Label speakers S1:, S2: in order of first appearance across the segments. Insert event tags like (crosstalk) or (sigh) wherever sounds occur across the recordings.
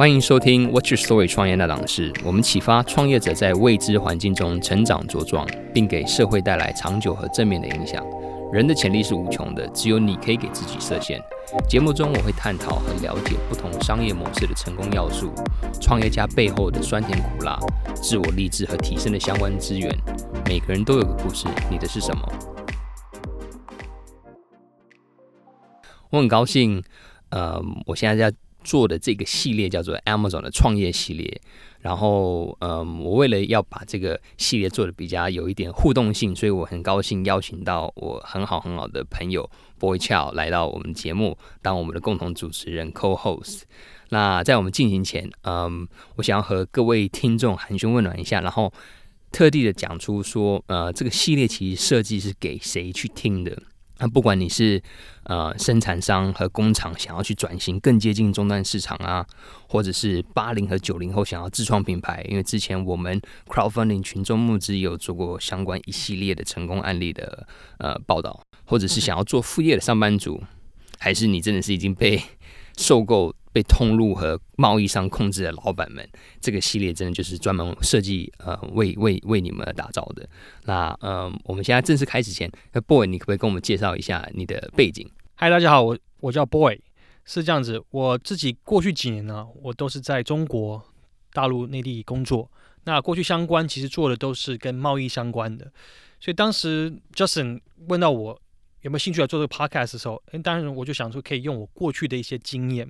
S1: 歡迎收聽《What's Your Story》創業那檔事，我們啟發創業者在未知環境中成長茁壯，並給社會帶來長久和正面的影響。人的潛力是無窮的，只有你可以給自己設限。節目中我會探討和了解不同商業模式的成功要素，創業家背後的酸甜苦辣，自我勵志和提升的相關資源。每個人都有個故事，你的是什麼？我很高興，呃，我現在在。做的這個系列叫做 Amazon 的創業系列，然後嗯，我為了要把這個系列做的比較有一點互動性，所以我很高興邀請到我很好很好的朋友 Boy Chow 來到我們節目當我們的共同主持人 Co-host。那在我們進行前，嗯，我想要和各位聽眾寒暄問暖一下，然後特地的講出說，呃，這個系列其實設計是給誰去聽的？那不管你是呃，生產商和工廠想要去轉型，更接近終端市場啊，或者是八零和九零後想要自創品牌，因為之前我們 crowdfunding 群眾募資有做過相關一系列的成功案例的呃報道，或者是想要做副業的上班族，還是你真的是已經被受夠。被通路和貿易商控制的老闆們，這個系列真的就是專門設計呃為為為你們而打造的。那嗯、呃，我們現在正式開始前，Boy，你可不可以跟我們介紹一下你的背景？
S2: 嗨，大家好，我我叫 Boy，是這樣子。我自己過去幾年呢、啊，我都是在中國大陸內地工作。那過去相關其實做的都是跟貿易相關的，所以當時 Justin 問到我有沒有興趣要做這個 Podcast 的時候，當然我就想說可以用我過去的一些經驗。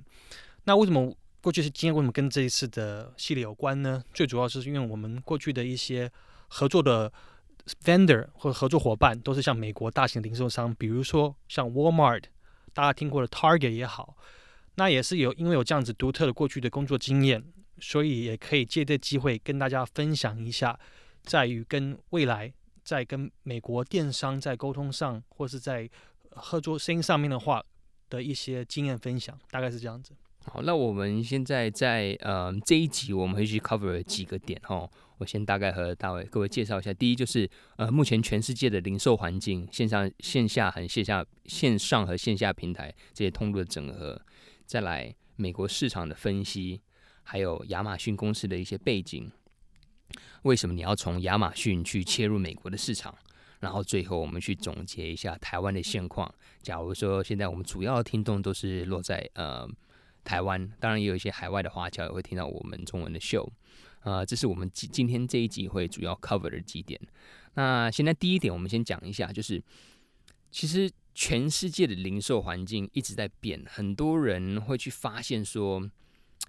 S2: 那為什麼過去的經驗為什麼跟這一次的系列有關呢？最主要是因為我們過去的一些合作的 vendor 或者合作夥伴都是像美國大型零售商，比如說像 Walmart，大家聽過的 Target 也好，那也是有因為有這樣子獨特的過去的工作經驗，所以也可以借這機會跟大家分享一下，在於跟未來在跟美國電商在溝通上或是在合作聲音上面的話的一些經驗分享，大概是這樣子。
S1: 好，那我們現在在呃這一集我們會去 cover 幾個點哈，我先大概和大衛各位介紹一下。第一就是呃目前全世界的零售環境，線上、線下，和線下線上和線下平台這些通路的整合，再來美國市場的分析，還有亞馬遜公司的一些背景，為什麼你要從亞馬遜去切入美國的市場，然後最後我們去總結一下台灣的現況。假如說現在我們主要的聽眾都是落在呃。台灣當然也有一些海外的華僑也會聽到我們中文的秀，啊、呃，這是我們今今天這一集會主要 cover 的幾點。那現在第一點，我們先講一下，就是其實全世界的零售環境一直在變，很多人會去發現說，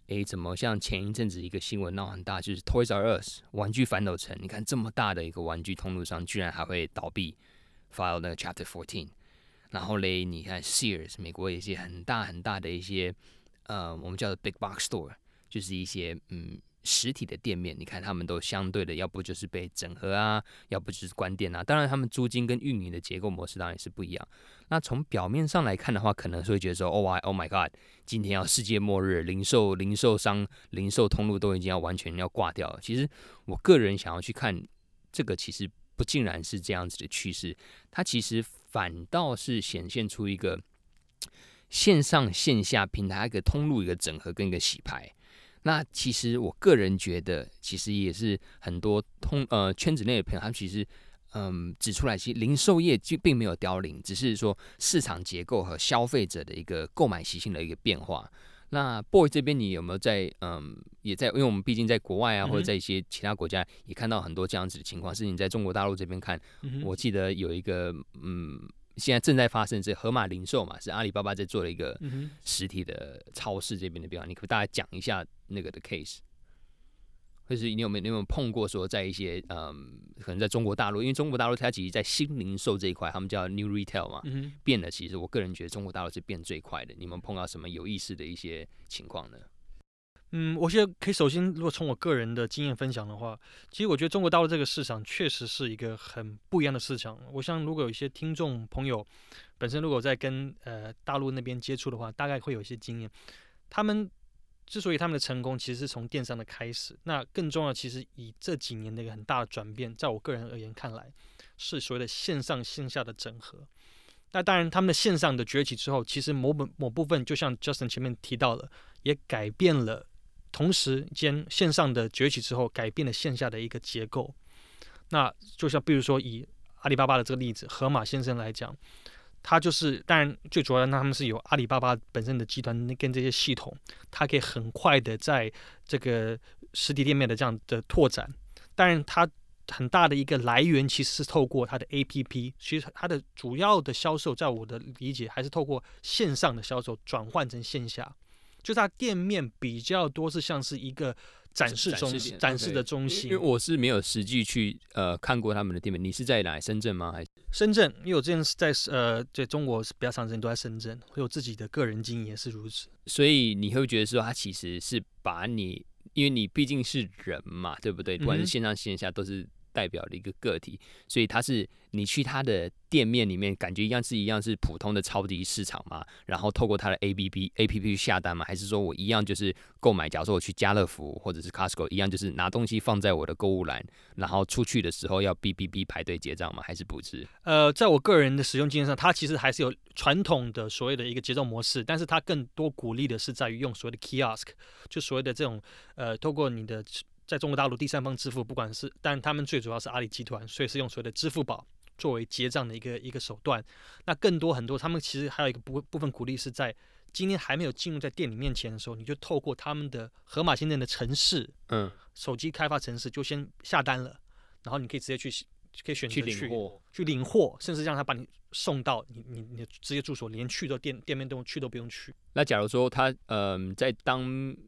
S1: 哎、欸，怎麼像前一陣子一個新聞鬧很大，就是 Toys R Us 玩具反斗城，你看這麼大的一個玩具通路上，居然還會倒閉 file 那個 Chapter Fourteen，然後嘞，你看 Sears 美國一些很大很大的一些。呃、uh，，我們叫做 big box store，就是一些嗯實體的店面。你看，他們都相對的，要不就是被整合啊，要不就是關店啊。當然，他們租金跟運營的結構模式當然也是不一樣。那從表面上來看的話，可能是會覺得說，Oh my，Oh my God，今天要世界末日，零售、零售商、零售通路都已經要完全要掛掉了。其實，我個人想要去看這個，其實不盡然是這樣子的趨勢，它其實反倒是顯現出一個。線上線下平台一個通路一個整合跟一個洗牌，那其實我個人覺得，其實也是很多通呃圈子內的朋友，他們其實嗯指出來，其實零售業就並沒有凋零，只是說市場結構和消費者的一個購買習性的一個變化。那 Boy 這邊你有沒有在嗯也在？因為我們畢竟在國外啊、嗯，或者在一些其他國家也看到很多這樣子的情況。是你在中國大陸這邊看、嗯？我記得有一個嗯。現在正在發生是盒馬零售嘛，是阿里巴巴在做了一個實體的超市這邊的變化，嗯。你可以跟大家講一下那個的 case，或是你有沒有、有沒有碰過說在一些嗯，可能在中國大陸，因為中國大陸它其實，在新零售這一塊，他們叫 new retail 嘛、嗯，變了。其實我個人覺得，中國大陸是變最快的。你們碰到什麼有意思的一些情況呢？
S2: 嗯，我覺得可以首先，如果從我個人的經驗分享的話，其實我覺得中國大陸這個市場確實是一個很不一樣的市場。我想，如果有一些聽眾朋友本身如果在跟呃大陸那邊接觸的話，大概會有一些經驗。他們之所以他們的成功，其實是從電商的開始。那更重要，其實以這幾年的一個很大的轉變，在我個人而言看來，是所謂的線上線下的整合。那當然，他們的線上的崛起之後，其實某本某部分，就像 Justin 前面提到了，也改變了。同時間，線上的崛起之後，改變了線下的一個結構。那就像，比如說以阿里巴巴的這個例子，盒馬鮮生來講，它就是，當然最主要的，他們是有阿里巴巴本身的集團跟這些系統，它可以很快的在這個實體店面的這樣的拓展。當然，它很大的一個來源其實是透過它的 APP，其實它的主要的銷售，在我的理解，還是透過線上的銷售轉換成線下。就他店面比較多是像是一個展示中心，展示的中心，因為
S1: 我是沒有實際去呃看過他們的店面。你是在哪裡？深圳嗎？還
S2: 深圳？因為我之前是在呃，在中國是比較長時間都在深圳，我自己的個人經驗也是如此。
S1: 所以你會覺得說他其實是把你，因為你畢竟是人嘛，對不對？不管是線上線下都是。代表的一個個體，所以它是你去它的店面裡面，感覺一樣是一樣是普通的超級市場嘛？然後透過它的 A B B A P P 下單嘛？還是說我一樣就是購買？假如說我去家樂福或者是 Costco，一樣就是拿東西放在我的購物籃，然後出去的時候要 B B B 排隊結賬嗎？還是不是？
S2: 呃，在我個人的使用經驗上，它其實還是有傳統的所謂的一個結帳模式，但是它更多鼓勵的是在於用所謂的 kiosk，就所謂的這種呃，透過你的。在中國大陸，第三方支付不管是，但他們最主要是阿里集團，所以是用所謂的支付寶作為結賬的一個一個手段。那更多很多，他們其實還有一個部部分鼓勵是在今天還沒有進入在店裡面前的時候，你就透過他們的盒馬鮮生的程式，嗯，手機開發程式就先下單了，然後你可以直接去。可以選去領貨，去領貨，甚至讓他把你送到你你你，你的直接住所，連去都店店面都去都不用去。
S1: 那假如說他嗯、呃，在當，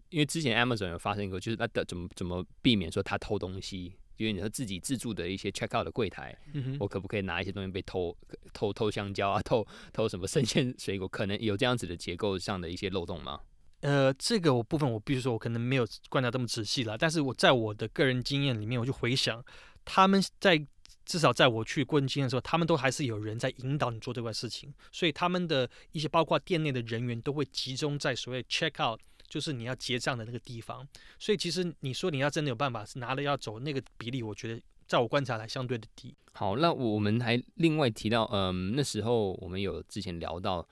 S1: 因為之前 Amazon 有發生一個，就是那的怎麼怎麼避免說他偷東西？因為你說自己自助的一些 check out 的櫃檯、嗯，我可不可以拿一些東西被偷？偷偷香蕉啊，偷偷什麼生鮮水果？可能有這樣子的結構上的一些漏洞嗎？
S2: 呃，這個我部分我必須說我可能沒有觀察這麼仔細了，但是我在我的個人經驗裡面，我就回想他們在。至少在我去過程的時候，他們都還是有人在引導你做這塊事情，所以他們的一些包括店內的人員都會集中在所謂 check out，就是你要結賬的那個地方。所以其實你說你要真的有辦法拿了要走那個比例，我覺得在我觀察來相對的低。
S1: 好，那我們還另外提到，嗯，那時候我們有之前聊到，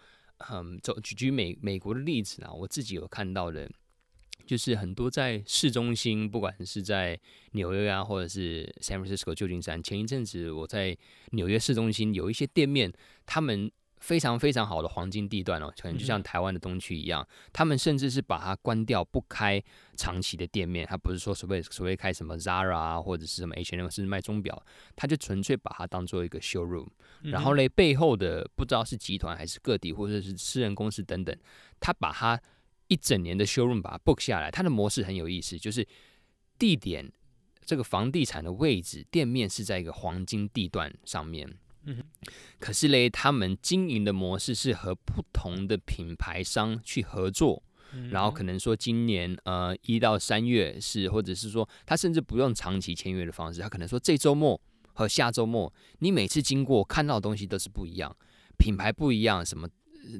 S1: 嗯，走舉舉美美國的例子啊，我自己有看到的。就是很多在市中心，不管是在紐約啊，或者是 San Francisco 舊金山。前一陣子我在紐約市中心有一些店面，他們非常非常好的黃金地段哦，可能就像台灣的東區一樣，嗯。他們甚至是把它關掉，不開長期的店面。他不是說所謂所謂開什麼 Zara 啊，或者是什麼 H&M，甚至賣鐘表，他就純粹把它當做一個 showroom、
S2: 嗯。然後嘞，
S1: 背後的不知道是集團還是個體，或者是私人公司等等，他把它，一整年的 showroom 把它 book 下來，它的模式很有意思，就是地點這個房地產的位置店面是在一個黃金地段上面。嗯、可是嘞，他們經營的模式是和不同的品牌商去合作。嗯、然後可能說今年呃一到三月是，或者是說他甚至不用長期簽約的方式，他可能說這周末和下周末，你每次經過看到的東西都是不一樣，品牌不一樣，什麼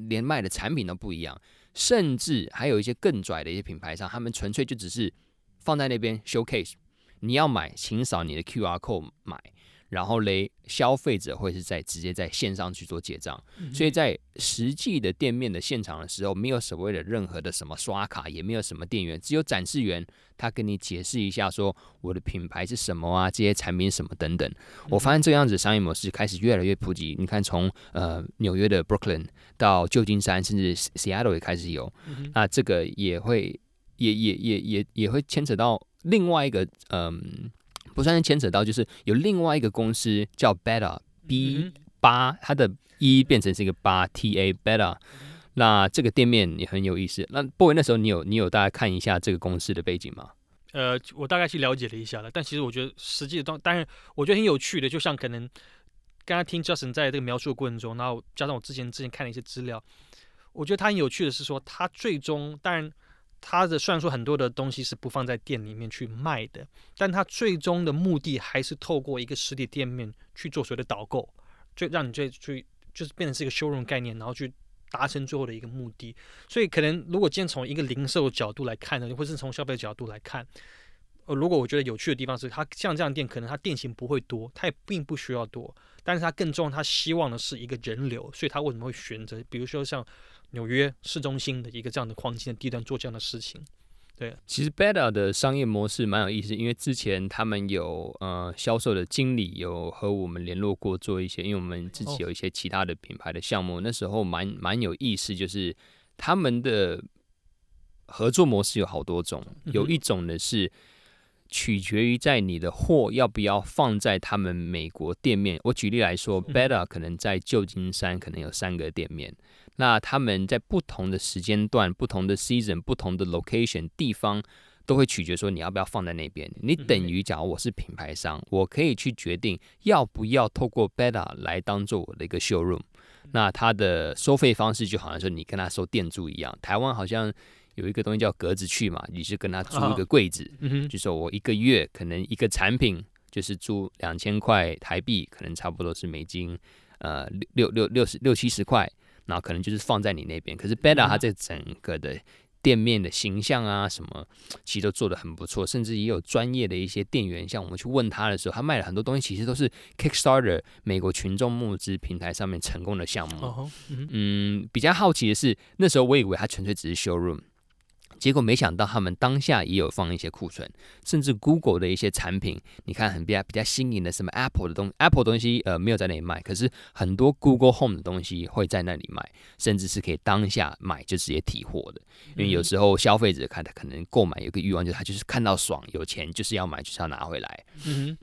S1: 連賣的產品都不一樣。甚至還有一些更拽的一些品牌商，他們純粹就只是放在那邊 showcase，你要買，請掃你的 QR code 買。然後嘞，消費者會是在直接在線上去做結賬，mm -hmm. 所以在實際的店面的現場的時候，沒有所謂的任何的什麼刷卡，也沒有什麼店員，只有展示員，他跟你解釋一下說我的品牌是什麼啊，這些產品是什麼等等。Mm -hmm. 我發現這樣子商業模式開始越來越普及。你看從，從呃紐約的 Brooklyn 到舊金山，甚至 Seattle 也開始有，mm -hmm. 那這個也會也也也也也會牽扯到另外一個嗯。呃不算牽扯到，就是有另外一個公司叫 Beta B 八、嗯，它的一、e、變成是一個八 T A Beta、嗯、那這個店面也很有意思。那波偉那時候你有你有大概看一下這個公司的背景嗎？
S2: 呃，我大概去了解了一下了，但其實我覺得實際當，當然我覺得很有趣的，就像可能剛才聽 Justin 在這個描述的過程中，然後加上我之前之前看了一些資料，我覺得他很有趣的是說，他最終當然。它的雖然說很多的東西是不放在店裡面去賣的，但它最終的目的還是透過一個實體店面去做所謂的導購，就讓你最最就是變成是一個 showroom 概念，然後去達成最後的一個目的。所以可能如果今天從一個零售角度來看呢，或是從消費角度來看。呃，如果我覺得有趣的地方是，它像這樣的店，可能它店型不會多，它也並不需要多，但是它更重要，它希望的是一個人流，所以它為什麼會選擇？比如說像。紐約市中心的一個這樣的黃金地段做這樣的事情，對。
S1: 其實 Beta 的商業模式蠻有意思，因為之前他們有呃銷售的經理有和我們聯絡過做一些，因為我們自己有一些其他的品牌的項目，哦、那時候蠻蠻有意思，就是他們的合作模式有好多種，嗯、有一種呢是取決於在你的貨要不要放在他們美國店面。我舉例來說、嗯、Beta 可能在舊金山可能有三個店面。那他們在不同的時間段，不同的 season，不同的 location 地方，都會取決說你要不要放在那邊。你等於，假如我是品牌商，我可以去決定要不要透過 beta 來當做我的一個 showroom。那他的收費方式就好像說你跟他收店租一樣。台灣好像有一個東西叫格子去嘛，你就跟他租一個櫃子，oh. 就說我一個月可能一個產品就是租兩千塊台幣，可能差不多是美金呃六六六十六七十塊。那可能就是放在你那邊，可是 Bella 它這整個的店面的形象啊，什麼、嗯啊、其實都做得很不錯，甚至也有專業的一些店員。像我們去問他的時候，他賣了很多東西，其實都是 Kickstarter 美國群眾募資平台上面成功的項目、哦嗯。嗯，比較好奇的是，那時候我以為它純粹只是 showroom。結果沒想到，他們當下也有放一些庫存，甚至 Google 的一些產品，你看很比較比較新穎的，什麼 Apple 的東 Apple 東西，呃，沒有在那裡賣，可是很多 Google Home 的東西會在那裡賣，甚至是可以當下買就直接提貨的，因為有時候消費者看他可能購買有個欲望，就是他就是看到爽，有錢就是要買，就是要拿回來。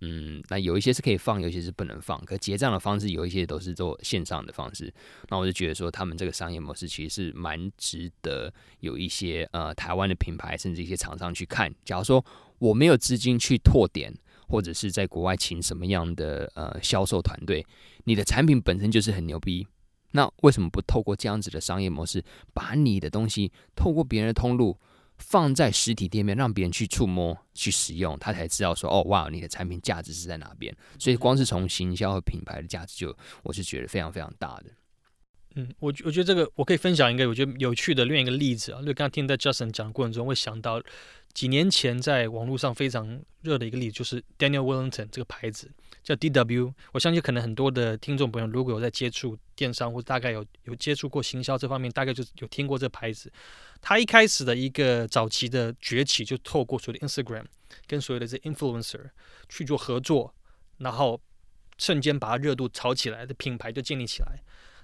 S1: 嗯，那有一些是可以放，有一些是不能放，可結賬的方式有一些都是做線上的方式，那我就覺得說他們這個商業模式其實是蠻值得有一些呃，台灣的品牌甚至一些廠商去看，假如說我沒有資金去拓點，或者是在國外請什麼樣的呃銷售團隊，你的產品本身就是很牛逼，那為什麼不透過這樣子的商業模式，把你的東西透過別人的通路放在實體店面，讓別人去觸摸、去使用，他才知道說哦，哇，你的產品價值是在哪邊？所以光是從行銷和品牌的價值就，就我是覺得非常非常大的。
S2: 嗯，我我覺得這個我可以分享一個我覺得有趣的另一個例子啊，就剛剛聽在 Justin 講的過程中，會想到幾年前在網絡上非常熱的一個例子，就是 Daniel Wellington 這個牌子，叫 DW。我相信可能很多的聽眾朋友如果有在接觸電商，或大概有有接觸過行銷這方面，大概就有聽過這牌子。它一開始的一個早期的崛起，就透過所謂的 Instagram 跟所有的這 influencer 去做合作，然後瞬間把它熱度炒起來的品牌就建立起來。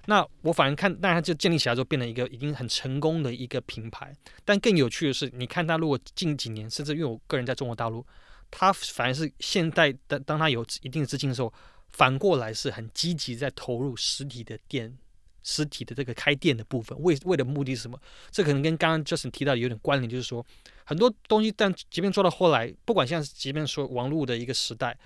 S2: 那我反而看，大家就建立起來之後，變成一個已經很成功的一個品牌。但更有趣的是，你看它如果近幾年，甚至因為我個人在中國大陸，它反而是現代的，當它有一定的資金的時候，反過來是很積極在投入實體的店、實體的這個開店的部分。為為的目的是什麼？這可能跟剛剛 Justin 提到有點關聯，就是說很多東西，但即便說到後來，不管像即便說網絡的一個時代。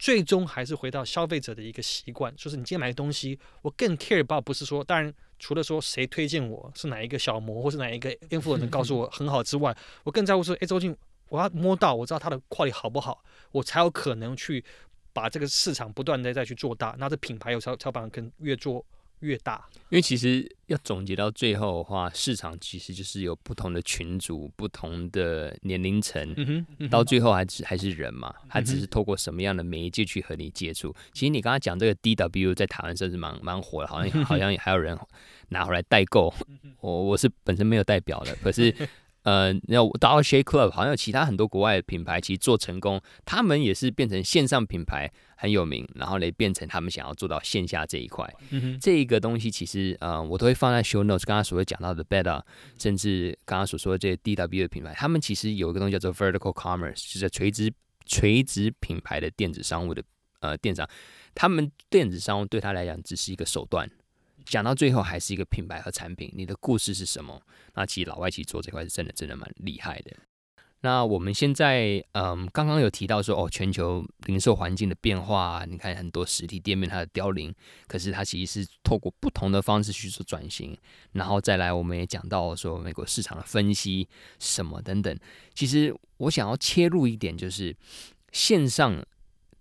S2: 最終還是回到消費者的一個習慣，就是你今天買的東西，我更 care about 不是說，當然除了說誰推薦我是哪一個小模或是哪一個 Influencer 能告訴我很好之外，嗯、我更在乎說，哎，究竟我要摸到，我知道它的 quality 好不好，我才有可能去把這個市場不斷的再去做大，那這品牌才有超超棒，跟越做。越大，
S1: 因為其實要總結到最後的話，市場其實就是有不同的群組、不同的年齡層。嗯哼、到最後還是還是人嘛，他、嗯、只是透過什麼樣的媒介去和你接觸。其實你剛剛講這個 DW 在台灣算是，是蠻蠻火的，好像好像，好像還有人拿回來代購。 (laughs) 我我是本身沒有代表的，可是。 (laughs) 呃、uh, you know,，那 Dollar Shave Club，好像有其他很多國外的品牌其實做成功，他們也是變成線上品牌很有名，然後來變成他們想要做到線下這一塊。嗯、哼這個東西其實，呃、uh,，我都會放在 show notes，剛剛所謂講到的 Better，甚至剛剛所說的這 DW 的品牌，他們其實有一個東西叫做 vertical commerce，就是垂直垂直品牌的電子商務的呃電商，他們電子商務對他來講只是一個手段。講到最後還是一個品牌和產品，你的故事是什麼？那其實老外其實做這塊是真的真的蠻厲害的。那我們現在嗯剛剛有提到說哦，全球零售環境的變化，你看很多實體店面它的凋零，可是它其實是透過不同的方式去做轉型。然後再來我們也講到說美國市場的分析什麼等等。其實我想要切入一點就是線上，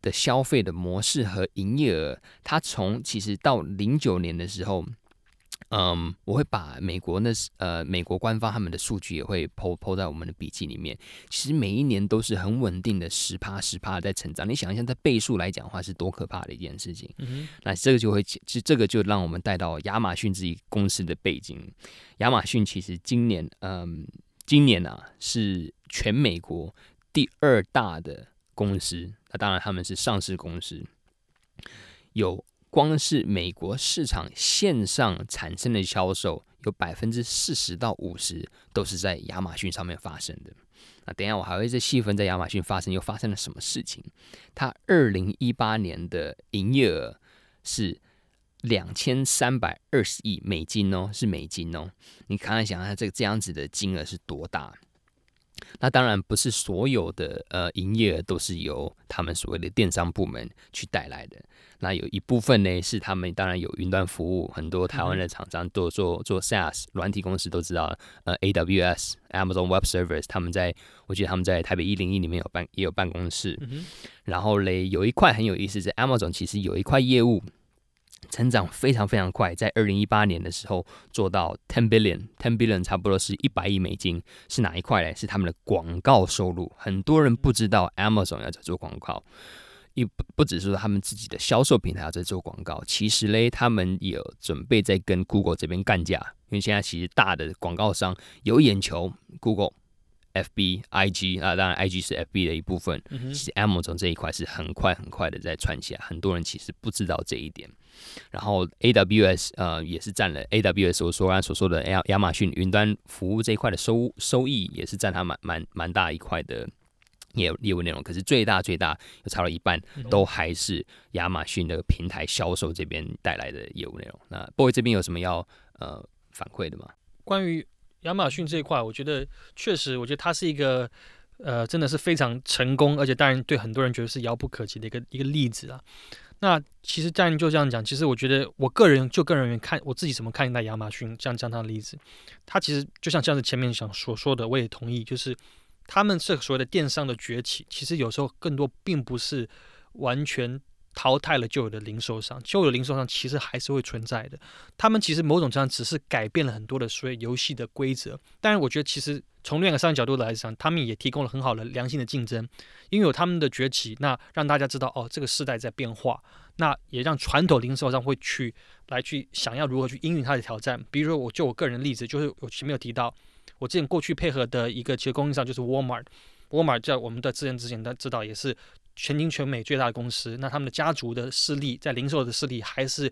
S1: 的消費的模式和營業額，它從其實到零九年的時候，嗯，我會把美國那是呃美國官方他們的數據也會 po po 在我們的筆記裡面。其實每一年都是很穩定的十趴十趴在成長。你想一下，在倍數來講的話是多可怕的一件事情？嗯、那這個就會，其實這個就讓我們帶到亞馬遜自己公司的背景。亞馬遜其實今年，嗯，今年啊，是全美國第二大的。公司，那當然他們是上市公司，有光是美國市場線上產生的銷售，有百分之四十到五十都是在亞馬遜上面發生的。那等一下我還會再細分，在亞馬遜發生又發生了什麼事情。它二零一八年的營業額是兩千三百二十億美金哦，是美金哦。你看看，想一下，這個這樣子的金額是多大？那當然不是所有的呃營業額都是由他們所謂的電商部門去帶來的。那有一部分呢，是他們當然有雲端服務，很多台灣的廠商都做做 SaaS 軟體公司都知道了，呃 AWS Amazon Web Services 他們在，我記得他們在台北一零一裡面有辦也有辦公室。嗯、然後嘞，有一塊很有意思是 Amazon 其實有一塊業務。成長非常非常快，在二零一八年的時候做到 ten billion，ten billion 差不多是一百億美金，是哪一塊嘞？是他們的廣告收入。很多人不知道 Amazon 要在做廣告，也不不只是說他們自己的銷售平台要在做廣告。其實嘞，他們也準備在跟 Google 這邊幹架。因為現在其實大的廣告商有眼球，Google、FB、IG 啊，當然 IG 是 FB 的一部分、嗯。其實 Amazon 這一塊是很快很快的在串起來，很多人其實不知道這一點。然後 A W S 呃也是占了 A W S 我說剛剛所說的亞亞馬遜雲端服務這一塊的收收益也是占他蠻蠻蠻大一塊的業業務內容，可是最大最大有差了一半，都還是亞馬遜的平台銷售這邊帶來的業務內容。嗯、那 boy 這邊有什麼要呃反饋的嗎？
S2: 關於亞馬遜這一塊，我覺得確實，我覺得它是一個呃真的是非常成功，而且當然對很多人覺得是遙不可及的一個一個例子啊。那其實家人就這樣講，其實我覺得我個人就個人看我自己怎麼看待亞馬遜，這樣講他的例子，他其實就像這樣子，前面想所說的，我也同意，就是他們這所謂的電商的崛起，其實有時候更多並不是完全，淘汰了舊有的零售商，舊有的零售商其實還是會存在的。他們其實某種程度上只是改變了很多的所謂遊戲的規則。但是我覺得，其實從另一個商業角度來講，他們也提供了很好的良性的競爭。因為有他們的崛起，那讓大家知道哦，這個世代在變化。那也讓傳統零售商會去來去想要如何去應運他的挑戰。比如說，我就我個人例子，就是我前面有提到，我之前過去配合的一個其實供應商就是 Walmart，Walmart Walmart 在我們的之前之前都知道也是。全英、全美最大的公司，那他們的家族的勢力，在零售的勢力，還是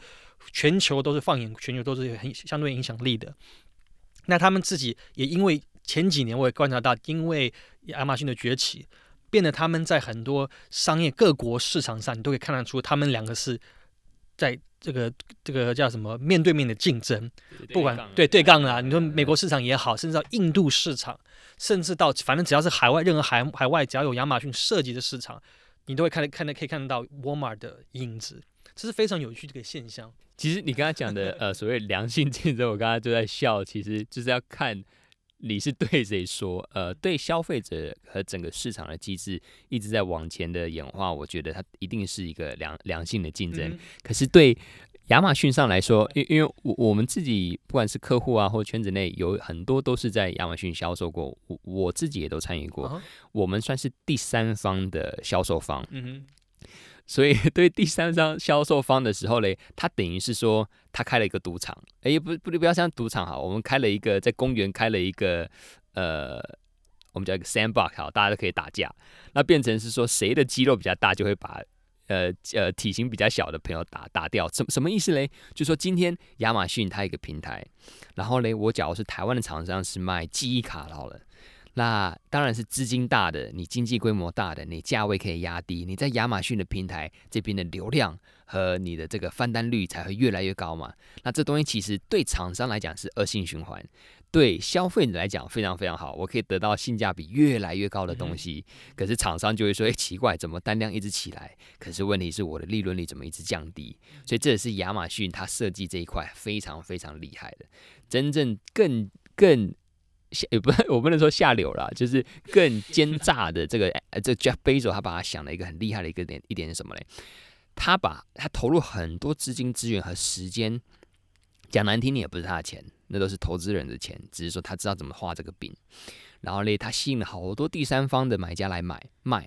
S2: 全球都是放眼全球都是有很相對影響力的。那他們自己也因為前幾年我也觀察到，因為亞馬遜的崛起，變得他們在很多商業各國市場上，你都可以看得出，他們兩個是在這個這個叫什麼面對面的競爭，對對對，不管對對槓啊，嗯，你說美國市場也好，甚至到印度市場，甚至到反正只要是海外任何海海外只要有亞馬遜涉及的市場。你都會看的看到可以看得到沃爾瑪的影子，這是非常有趣這個現象。
S1: 其實你剛才講的呃所謂良性競爭， (laughs) 我剛才就在笑，其實就是要看你是對誰說。呃，對消費者和整個市場的機制一直在往前的演化，我覺得它一定是一個良良性的競爭。嗯、可是對。亞馬遜上來說，因因為我我們自己不管是客戶啊，或圈子內有很多都是在亞馬遜銷售過，我我自己也都參與過、啊。我們算是第三方的銷售方，嗯哼。所以對第三方銷售方的時候嘞，他等於是說他開了一個賭場，哎、欸，不不不要像賭場哈，我們開了一個在公園開了一個，呃，我們叫一個 sandbox 好，大家都可以打架。那變成是說誰的肌肉比較大，就會把。呃呃，體型比較小的朋友打打掉，什麼什麼意思嘞？就說今天亞馬遜它一個平台，然後嘞，我假如是台灣的廠商是賣記憶卡的好了。那當然是資金大的，你經濟規模大的，你價位可以壓低，你在亞馬遜的平台這邊的流量和你的這個翻單率才會越來越高嘛。那這東西其實對廠商來講是惡性循環，對消費者來講非常非常好，我可以得到性價比越來越高的東西。嗯。可是廠商就會說，哎、欸，奇怪，怎麼單量一直起來？可是問題是，我的利潤率怎麼一直降低？所以這也是亞馬遜它設計這一塊非常非常厲害的，真正更更。也、欸、不是我不能說下流啦，就是更奸詐的、這個欸。這個這 Jeff Bezos 他把他想了一個很厲害的一個點，一點是什麼嘞？他把他投入很多資金、資源和時間。講難聽點，也不是他的錢，那都是投資人的錢。只是說他知道怎麼畫這個餅，然後嘞，他吸引了好多第三方的買家來買賣，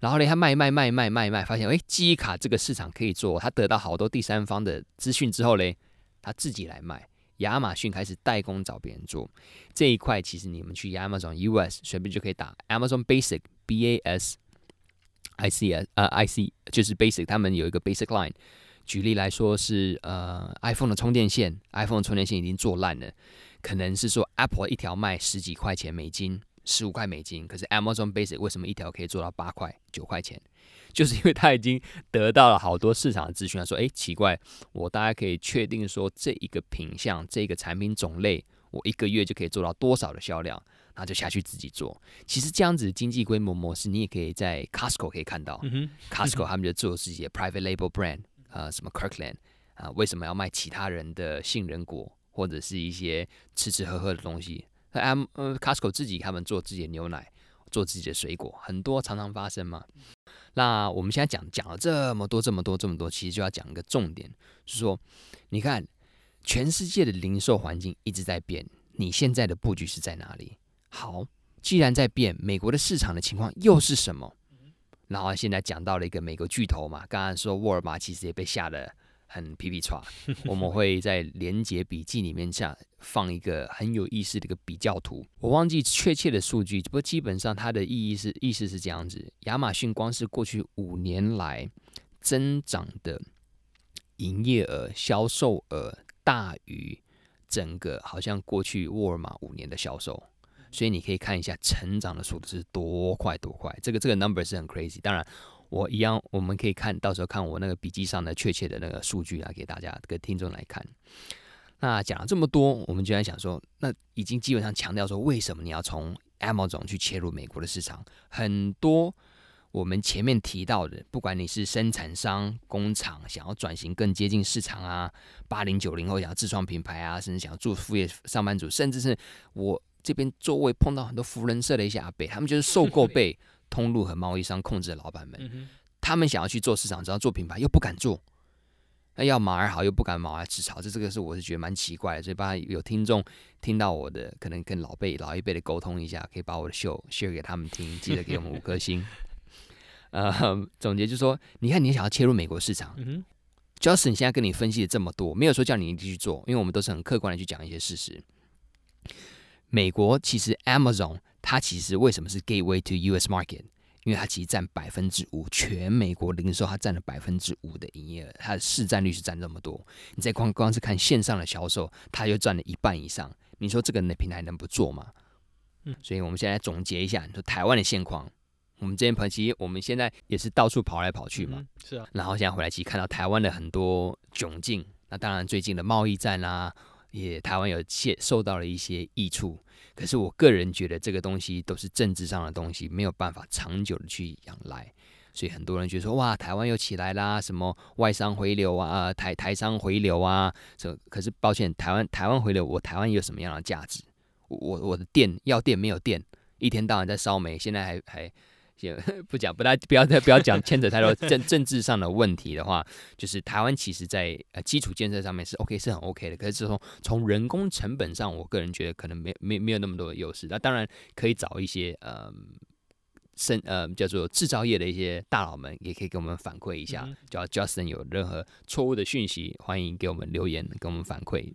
S1: 然後嘞，他賣賣，賣賣賣賣賣賣，發現誒、欸，記憶卡這個市場可以做。他得到好多第三方的資訊之後嘞，他自己來賣。亞馬遜開始代工找別人做這一塊，其實你們去 Amazon US 隨便就可以打 Amazon Basic B A S I C 呃、uh, I C 就是 Basic，他們有一個 Basic Line。舉例來說是呃、uh，iPhone 的充電線，iPhone 的充電線已經做爛了，可能是說 Apple 一條賣十幾塊錢美金。十五塊美金，可是 Amazon Basics 為什麼一條可以做到八塊九塊錢？就是因為他已經得到了好多市場的資訊，他說，誒，奇怪，我大家可以確定說這一個品項、這一個產品種類，我一個月就可以做到多少的銷量，那就下去自己做。其實這樣子經濟規模模式，你也可以在 Costco 可以看到，嗯、Costco 他們就做自己的 private label brand 啊，呃，什麼 Kirkland 啊，呃，為什麼要賣其他人的杏仁果或者是一些吃吃喝喝的東西？M 呃 Costco 自己他們做自己的牛奶，做自己的水果，很多常常發生嘛。那我們現在講講了這麼多這麼多這麼多，其實就要講一個重點，就是說你看全世界的零售環境一直在變，你現在的布局是在哪裡？好，既然在變，美國的市場的情況又是什麼？然後現在講到了一個美國巨頭嘛，剛剛說沃爾瑪其實也被嚇得。很皮皮，我們會在連接筆記裡面下放一個很有意思的一個比較圖。我忘記確切的數據，不過基本上它的意義是，意思是這樣子：亞馬遜光是過去五年來增長的營業額、銷售額大於整個好像過去沃爾瑪五年的銷售。所以你可以看一下成長的速度是多快多快，這個這個 number 是很 crazy。當然。我一樣，我們可以看到時候看我那個筆記上的確切的那個數據啊，給大家跟聽眾來看。那講了這麼多，我們就在想說，那已經基本上強調說，為什麼你要從 Amazon 去切入美國的市場？很多我們前面提到的，不管你是生產商、工廠，想要轉型更接近市場啊，八零九零後想要自創品牌啊，甚至想要做副業上班族，甚至是我這邊周圍碰到很多福人社的一些阿伯，他們就是受夠被。 (laughs) 通路和貿易商控制的老闆們、嗯，他們想要去做市場，只要做品牌又不敢做，那要馬兒好又不敢馬兒吃草，這這個是我是覺得蠻奇怪的，所以大家有聽眾聽到我的，可能跟老輩老一輩的溝通一下，可以把我的秀 share 給他們聽，記得給我們五顆星。呃、 (laughs) um,，總結就是說，你看你想要切入美國市場、嗯、，Justin 現在跟你分析的這麼多，沒有說叫你一定去做，因為我們都是很客觀的去講一些事實。美國其實 Amazon。它其實為什麼是 gateway to U.S. market？因為它其實佔百分之五全美國零售，它佔了百分之五的營業額，它的市佔率是佔這麼多。你再光光是看線上的銷售，它又佔了一半以上。你說這個平台能不做嗎？嗯，所以我們現在來總結一下，你說台灣的現況，我們這邊朋友其實我們現在也是到處跑來跑去嘛、嗯，是啊。然後現在回來其實看到台灣的很多窘境，那當然最近的貿易戰啦、啊，也台灣有些受到了一些益處。可是我個人覺得這個東西都是政治上的東西，沒有辦法長久的去仰賴，所以很多人覺得說，哇，台灣又起來啦，什麼外商回流啊，台台商回流啊，這可是抱歉，台灣台灣回流，我台灣有什麼樣的價值？我我的電，要電沒有電，一天到晚在燒煤，現在還還。 (laughs) 不講，不大，不要再不要講牽扯太多政政治上的問題的話， (laughs) 就是台灣其實在呃基礎建設上面是 OK，是很 OK 的。可是從從人工成本上，我個人覺得可能沒沒沒有那麼多的優勢。那、啊、當然可以找一些呃生呃叫做製造業的一些大佬們，也可以給我們反饋一下。嗯嗯叫 Justin 有任何錯誤的訊息，歡迎給我們留言，給我們反饋。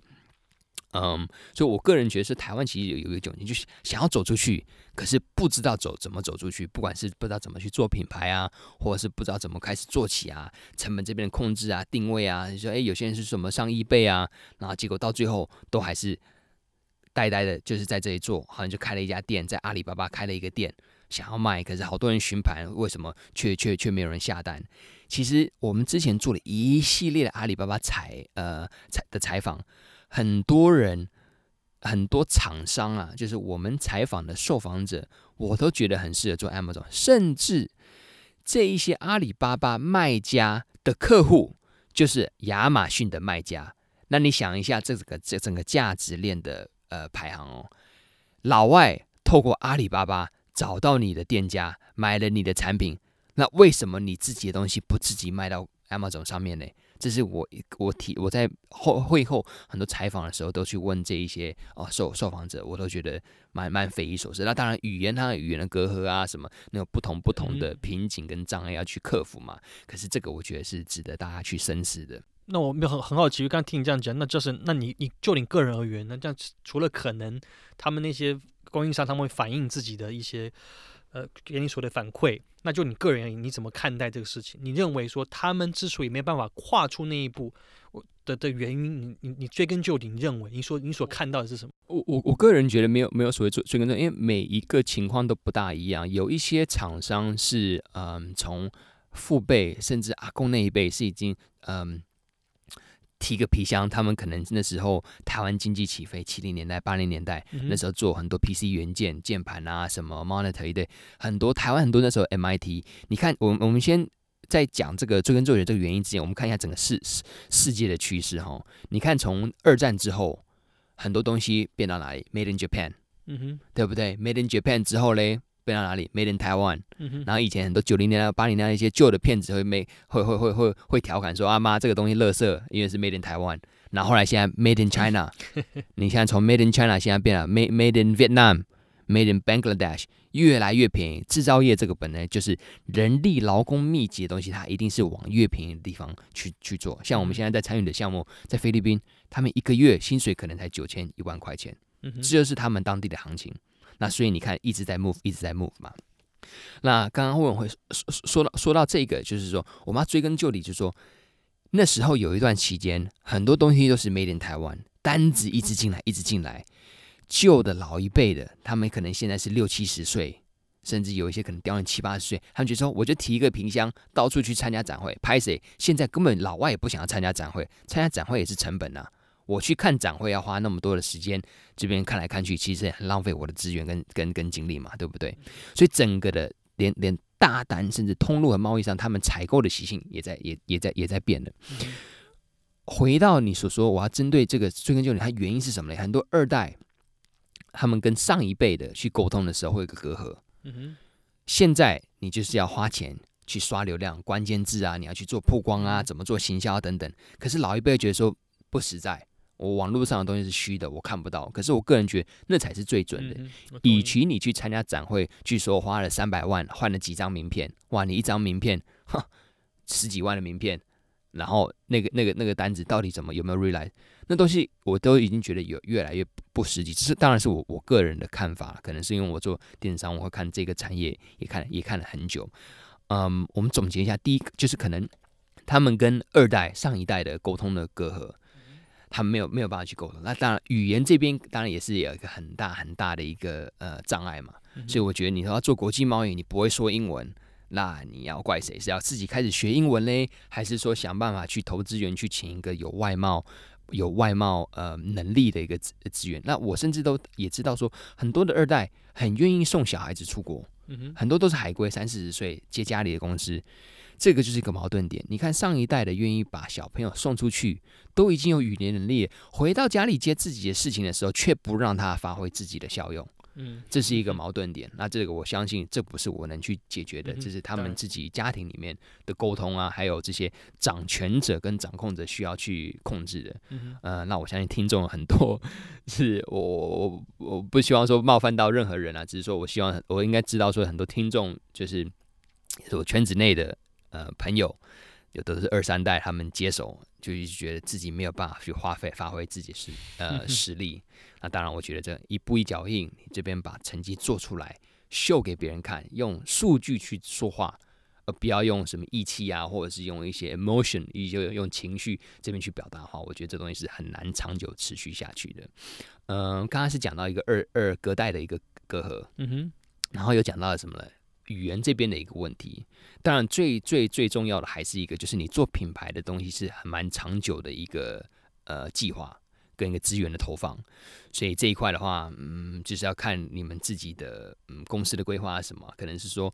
S1: 嗯、um,，所以我個人覺得是台灣其實有有一種窘境，就是想要走出去，可是不知道走怎麼走出去，不管是不知道怎麼去做品牌啊，或者是不知道怎麼開始做起啊，成本這邊的控制啊、定位啊，你說哎、欸，有些人是什麼上 eBay 啊，然後結果到最後都還是呆呆的，就是在這裡做，好像就開了一家店，在阿里巴巴開了一個店，想要賣，可是好多人詢盤，為什麼卻卻卻沒有人下單？其實我們之前做了一系列的阿里巴巴採呃採的採訪。很多人、很多廠商啊，就是我們採訪的受訪者，我都覺得很適合做 Amazon，甚至這一些阿里巴巴賣家的客戶，就是亞馬遜的賣家。那你想一下，這個這整個價值鏈的呃排行哦，老外透過阿里巴巴找到你的店家，買了你的產品，那為什麼你自己的東西不自己賣到 Amazon 上面呢？這是我我提我在後會後很多採訪的時候，都去問這一些哦受受訪者，我都覺得蠻蠻匪夷所思。那當然語言它的語言的隔閡啊，什麼那種不同不同的瓶頸跟障礙要去克服嘛。可是這個我覺得是值得大家去深思的。
S2: 嗯，那我很很好奇，剛剛聽你這樣講，那就是那你你就你個人而言，那這樣除了可能他們那些供應商他們會反映自己的一些。呃，給你所的反饋，那就你個人原因。你怎麼看待這個事情？你認為說他們之所以沒辦法跨出那一步的、的的原因，你你你追根究底，你認為你說你所看到的是什麼？我
S1: 我我個人覺得沒有沒有所謂追追根究底，因為每一個情況都不大一樣。有一些廠商是嗯，從父輩甚至阿公那一輩是已經嗯。提個皮箱，他們可能那時候台灣經濟起飛，七零年代、八零年代、嗯、那時候做很多 PC 元件、鍵盤啊，什麼 monitor 一對很多台灣很多那時候 MIT。你看，我們我們先在講這個追根究底這個原因之前，我們看一下整個世世世界的趨勢哈、哦。你看，從二戰之後，很多東西變到哪裡？Made in Japan，、嗯、對不對？Made in Japan 之後嘞？變到哪裡？Made in Taiwan，、嗯、然後以前很多九零年代、八零年代一些舊的片子會沒會會會會會調侃說：“阿、啊、媽，這個東西樂色，因為是 Made in Taiwan。”然後,後來現在 Made in China， (laughs) 你現在從 Made in China 現在變了 Made Made in Vietnam，Made in Bangladesh 越來越便宜。制造業這個本來就是人力勞工密集的東西，它一定是往越便宜的地方去去做。像我們現在在參與的項目，在菲律賓，他們一個月薪水可能才九千一萬塊錢、嗯，這就是他們當地的行情。那所以你看，一直在 move，一直在 move 嘛。那剛剛我會說說到說到這個，就是說，我們要追根究底，就說那時候有一段期間，很多東西都是 made in 台灣，單子一直進來，一直進來。舊的老一輩的，他們可能現在是六七十歲，甚至有一些可能掉到七八十歲，他們覺得說，我就提一個平箱，到處去參加展會，拍誰？現在根本老外也不想要參加展會，參加展會也是成本吶、啊。我去看展會要花那麼多的時間，這邊看來看去，其實很浪費我的資源跟跟跟精力嘛，對不對？所以整個的連連大單，甚至通路和貿易上，他們採購的習性也在也也在也在變了。嗯。回到你所說，我要針對這個追根究底，它原因是什麼呢？很多二代他們跟上一輩的去溝通的時候，會有一個隔閡。嗯哼。現在你就是要花錢去刷流量、關鍵字啊，你要去做曝光啊，怎麼做行銷啊等等。可是老一輩覺得說不實在。我網絡上的東西是虛的，我看不到。可是我個人覺得那才是最準的，嗯嗯，以及你去參加展會，據說花了三百萬換了幾張名片，哇！你一張名片，哼，十幾萬的名片，然後那個那個那個單子到底怎麼有沒有 realize？那東西我都已經覺得有越來越不實際。這是當然是我我個人的看法，可能是因為我做電商，我會看這個產業也看也看了很久。嗯，我們總結一下，第一就是可能他們跟二代上一代的溝通的隔閡。他沒有沒有辦法去溝通，那當然語言這邊當然也是有一個很大很大的一個呃障礙嘛、嗯。所以我覺得你說要做國際貿易，你不會說英文，那你要怪誰？是要自己開始學英文嘞，還是說想辦法去投資源，去請一個有外貿有外貿呃能力的一個資資源？那我甚至都也知道說，很多的二代很願意送小孩子出國，嗯、很多都是海歸，三四十歲接家裡的公司。這個就是一個矛盾點。你看，上一代的願意把小朋友送出去，都已經有語言能力，回到家裡接自己的事情的時候，卻不讓他發揮自己的效用。嗯，這是一個矛盾點。那這個我相信，這不是我能去解決的，這是他們自己家庭裡面的溝通啊，還有這些掌權者跟掌控者需要去控制的。嗯，呃，那我相信聽眾很多，是我我我不希望說冒犯到任何人啊，只是說我希望我應該知道說很多聽眾就是我圈子內的。呃，朋友，有的是二三代，他們接手就一直覺得自己沒有辦法去花費、發揮自己實呃實力、嗯。那當然，我覺得這一步一腳印，你這邊把成績做出來，秀給別人看，用數據去說話，呃，不要用什麼意氣啊，或者是用一些 emotion，你就用情緒這邊去表達的話，我覺得這東西是很難長久持續下去的。嗯、呃，剛剛是講到一個二二隔代的一個隔閡，嗯哼，然後又講到了什麼呢？語言這邊的一個問題，當然最最最重要的還是一個，就是你做品牌的東西是很蠻長久的一個呃計劃跟一個資源的投放，所以這一塊的話，嗯，就是要看你們自己的嗯公司的規劃啊什麼，可能是說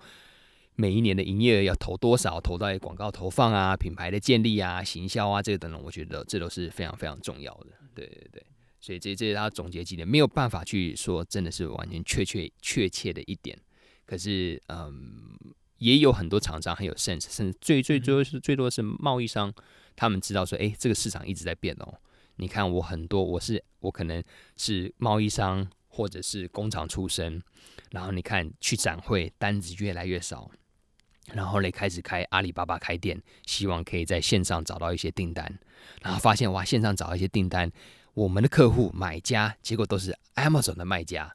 S1: 每一年的營業額要投多少，投在廣告投放啊、品牌的建立啊、行銷啊這個等等，我覺得這都是非常非常重要的。對對對，所以這這是他總結幾點，沒有辦法去說真的是完全確確確切的一點。可是，嗯，也有很多廠商很有 sense，甚至最最最多是最多是貿易商、嗯，他們知道說，誒、欸，這個市場一直在變哦、喔。你看，我很多我是我可能是貿易商或者是工廠出身，然後你看去展會單子越來越少，然後嘞開始開阿里巴巴開店，希望可以在線上找到一些訂單，然後發現、嗯、哇，線上找到一些訂單，我們的客戶買家，結果都是 Amazon 的賣家。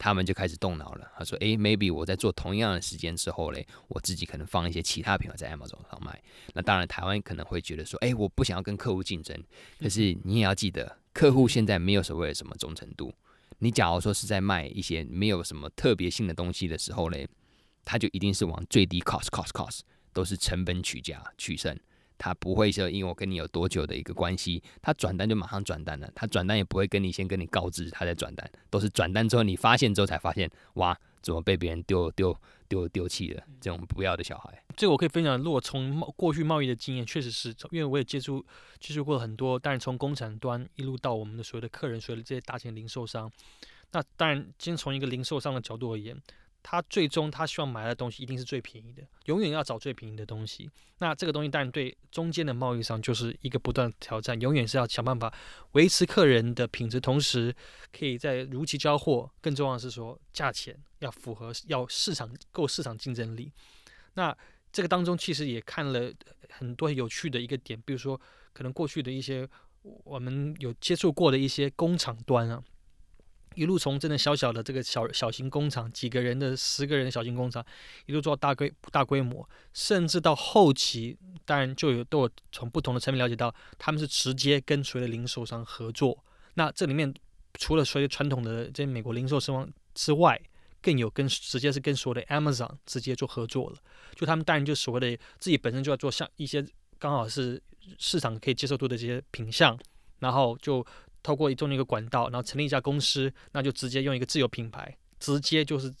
S1: 他們就開始動腦了。他說：“哎、欸，maybe 我在做同樣的時間之後嘞，我自己可能放一些其他品牌在 Amazon 上賣。那當然，台灣可能會覺得說：哎、欸，我不想要跟客戶競爭。可是你也要記得，客戶現在沒有所謂的什麼忠誠度。你假如說是在賣一些沒有什麼特別性的東西的時候嘞，他就一定是往最低 cost，cost，cost cost, cost, 都是成本取價取勝。”他不會說，因為我跟你有多久的一個關係，他轉單就馬上轉單了，他轉單也不會跟你先跟你告知，他在轉單，都是轉單之後你發現之後才發現，哇，怎麼被別人丟丟丟丟，丟棄了這種不要的小孩。
S2: 嗯。這個我可以分享，如果從過去貿易的經驗，確實是，因為我也接觸接觸過很多，但是從工廠端一路到我們的所有的客人，所有的這些大型零售商，那當然，先從一個零售商的角度而言。他最終他希望買的東西一定是最便宜的，永遠要找最便宜的東西。那這個東西當然對中間的貿易商就是一個不斷的挑戰，永遠是要想辦法維持客人的品質，同時可以在如期交貨，更重要的是說價錢要符合要市場夠市場競爭力。那這個當中其實也看了很多有趣的一個點，比如說可能過去的一些我們有接觸過的一些工廠端啊。一路從真的小小的這個小小型工廠，幾個人的十個人的小型工廠，一路做到大規大規模，甚至到後期，當然就有都有從不同的層面了解到，他們是直接跟所有的零售商合作。那這裡面除了所謂的傳統的這些美國零售商之外，更有跟直接是跟所有的 Amazon 直接做合作了。就他們當然就所謂的自己本身就要做像一些剛好是市場可以接受度的這些品項，然後就。透過一種一個管道，然後成立一家公司，那就直接用一個自有品牌，直接就是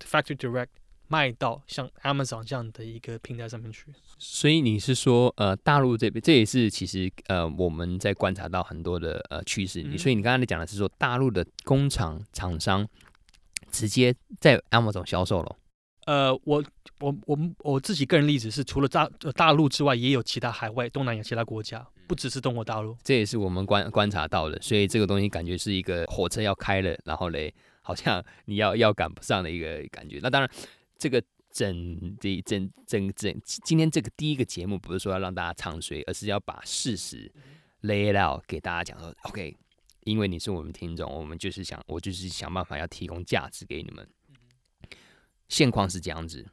S2: factory direct 賣到像 Amazon 這樣的一個平台上面去。
S1: 所以你是說，呃，大陸這邊，這也是其實呃我們在觀察到很多的呃趨勢，嗯。所以你剛才你講的是說，大陸的工廠廠商直接在 Amazon 銷售了。
S2: 呃，我我我我自己個人例子是，除了大大陸之外，也有其他海外東南亞其他國家。不只是動物大陸，
S1: 這也是我們觀觀察到的，所以這個東西感覺是一個火車要開了，然後嘞，好像你要要趕不上的一個感覺。那當然，這個整這整整整今天這個第一個節目不是說要讓大家唱衰，而是要把事實 lay it out 給大家講說，OK，因為你是我們聽眾，我們就是想我就是想辦法要提供價值給你們。現況是這樣子。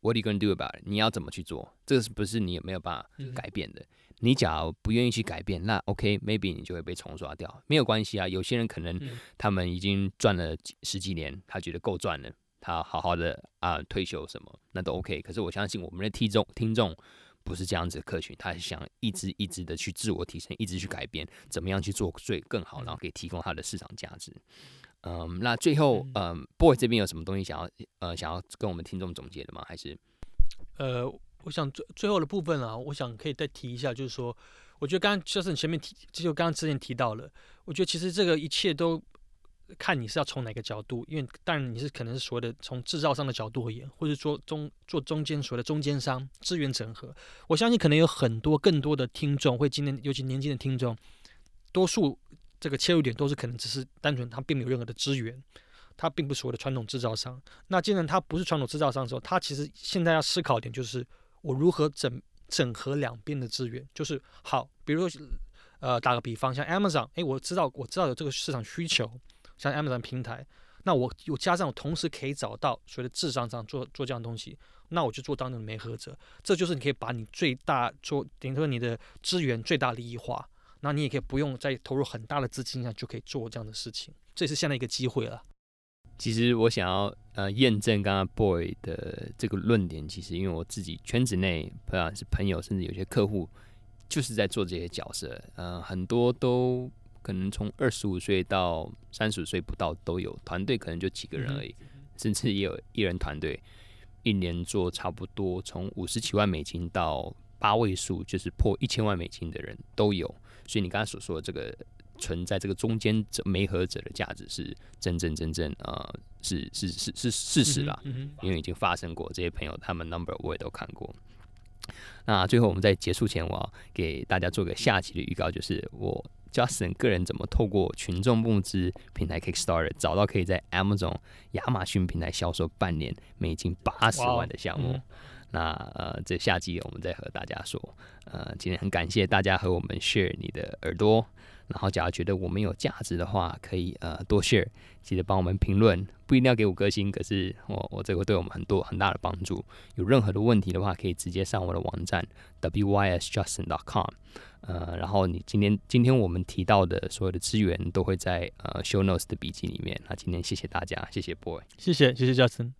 S1: What are you going to do about it？你要怎麼去做？這個是不是你有沒有辦法改變的？你假如不願意去改變，那 OK，maybe、OK, 你就會被重刷掉。沒有關係啊，有些人可能他們已經賺了十幾年，他覺得夠賺了，他好好的啊退休什麼，那都 OK。可是我相信我們的聽眾聽眾不是這樣子的客群，他是想一直一直的去自我提升，一直去改變，怎麼樣去做最更好，然後可以提供他的市場價值。嗯，那最後，嗯，boy 這邊有什麼東西想要呃，想要跟我們聽眾總結的嗎？還是？
S2: 呃，我想最最後的部分啊，我想可以再提一下，就是說，我覺得剛剛就是你前面提，就剛剛之前提到了，我覺得其實這個一切都看你是要從哪個角度，因為當然你是可能是所謂的從製造商的角度而言，或者說中做中間所謂的中間商資源整合，我相信可能有很多更多的聽眾會今天，尤其年輕的聽眾，多數，這個切入點都是可能只是單純，它並沒有任何的資源，它並不是所謂的傳統製造商。那既然它不是傳統製造商的時候，它其實現在要思考一點，就是我如何整整合兩邊的資源。就是好，比如說呃，打個比方，像 Amazon，哎，我知道我知道有這個市場需求，像 Amazon 平台，那我我加上我同時可以找到所謂的製造商，商做做這樣東西，那我就做當中的媒合者，這就是你可以把你最大做，等於說你的資源最大利益化。那你也可以不用再投入很大的資金上就可以做這樣的事情，這也是現在一個機會了。其
S1: 實我想要呃驗證剛剛 Boy 的這個論點，其實因為我自己圈子內不管是朋友，甚至有些客戶，就是在做這些角色，嗯、呃，很多都可能從二十五歲到三十五歲不到都有，團隊可能就幾個人而已，嗯、甚至也有一人團隊，一年做差不多從五十幾萬美金到八位數，就是破一千萬美金的人都有。所以你剛才所說的這個存在這個中間者、媒合者的價值是真真正正呃，是是是是事實了，因為已經發生過這些朋友，他們 number 我也都看過。那最後我們在結束前，我要給大家做個下期的預告，就是我 Justin 個人怎麼透過群眾募資平台 Kickstarter 找到可以在 Amazon 亞馬遜平台銷售半年美金八十萬的項目。那呃，這下集我們再和大家說。呃，今天很感謝大家和我們 share 你的耳朵。然後，假如覺得我們有價值的話，可以呃多 share，記得幫我們評論，不一定要給五顆星，可是我我這個對我們很多很大的幫助。有任何的問題的話，可以直接上我的網站 wysjustin.com。呃，然後你今天今天我們提到的所有的資源都會在呃 show notes 的筆記裡面。那今天謝謝大家，謝謝 boy，
S2: 謝謝謝謝 Justin。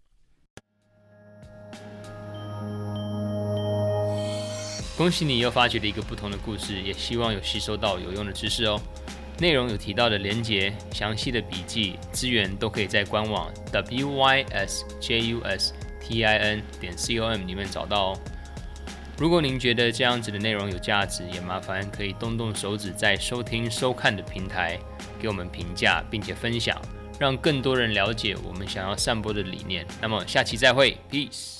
S1: 恭喜你又發掘了一個不同的故事，也希望有吸收到有用的知識哦。內容有提到的連接、詳細的筆記、資源都可以在官網 w y s j u s t i n 點 c o m 裡面找到哦。如果您覺得這樣子的內容有價值，也麻煩可以動動手指在收聽收看的平台給我們評價，並且分享，讓更多人了解我
S2: 們想要散播的理念。那麼下期再會，Peace。